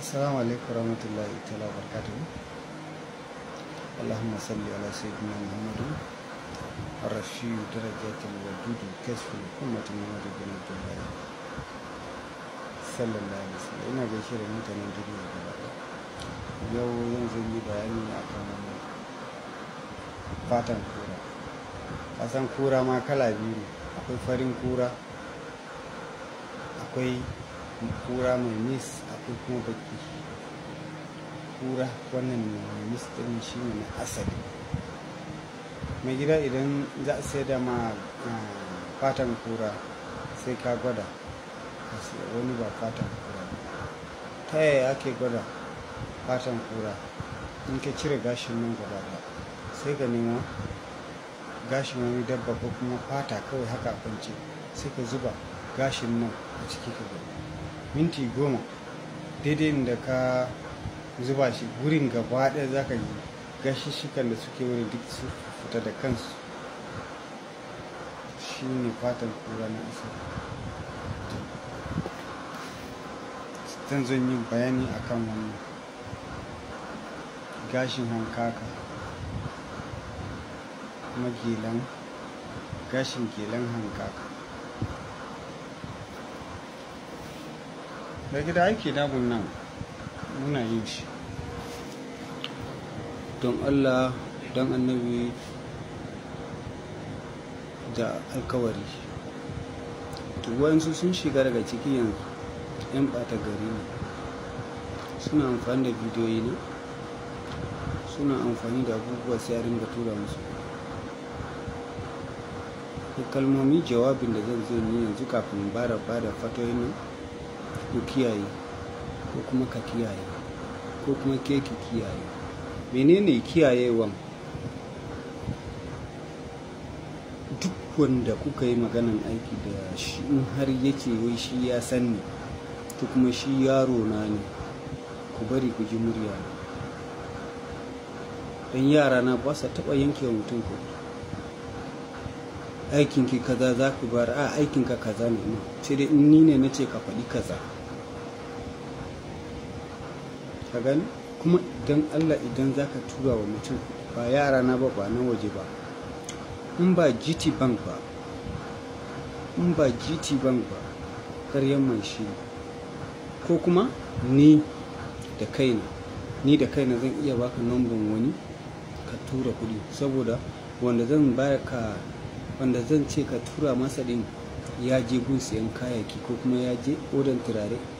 Asalaamualeykura wa rahmatulahy ibtala wa barakati. Walahuma Sani Alashaijana Muhammadu. Rashi darajaritalwadudu kesfidin kuma tuni matakanadunbaye. Sallallahu alaihi wa ina gaishe da mintanin jirgin da ba Yau yanzun yi bayani ne fatan kura. Fasan kura ma kala biyu ne. Akwai farin kura. Akwai kura mai mis. ko baki kura wannan mis shi ne na asali mai gida idan za a sai da ma ah, fatan kura sai ka gwada wani ba fatan kura ta yaya ake gwada fatan kura in ka cire gashin nan gaba ba. sai ka nemo gashin wani dabba ko kuma fata kawai haka kwance sai ka zuba gashin nan a ciki ka gani minti goma daidai da ka zuba shi gurin gaba ɗaya za ka gashishikan da suke wurin duk su fita da kansu shi ne fatan kura na isa. zan zan yi bayani akan wannan gashin hankaka kuma gashin gelan hankaka da gida aiki da nan muna yin shi don allah don annabi da alkawari wayansu sun shiga daga ciki yanzu yan ɓata gari ne suna amfani da bidiyoyi ne. suna amfani da abubuwa tsarin da tura musu kalmomi jawabin da zan zo ni yanzu kafin bara bada fatoyi nan ku kiyaye ko kuma ka kiyaye ko kuma ke ki kiyaye menene kiyayewan duk wanda kuka yi maganan aiki da shi in har yake wai shi ya sanni to kuma shi yaro na ne ku bari ku ji murya don yara na ba sa taɓa yanke wa mutum Aikin aikinki kaza za ku bar a aikinka kaza ne sai dai in ni ne na ce ka faɗi kaza ka gani kuma idan allah idan za ka tura wa mutum ba yara na ba ba na waje ba in ba gt bank ba in ba gt bank ba shi ko kuma ni da kaina ni da kaina zan iya baka namban wani ka tura kuɗi saboda wanda zan ka wanda zan ce ka tura masa din ya je gun siyan kayaki ko kuma ya je odan turare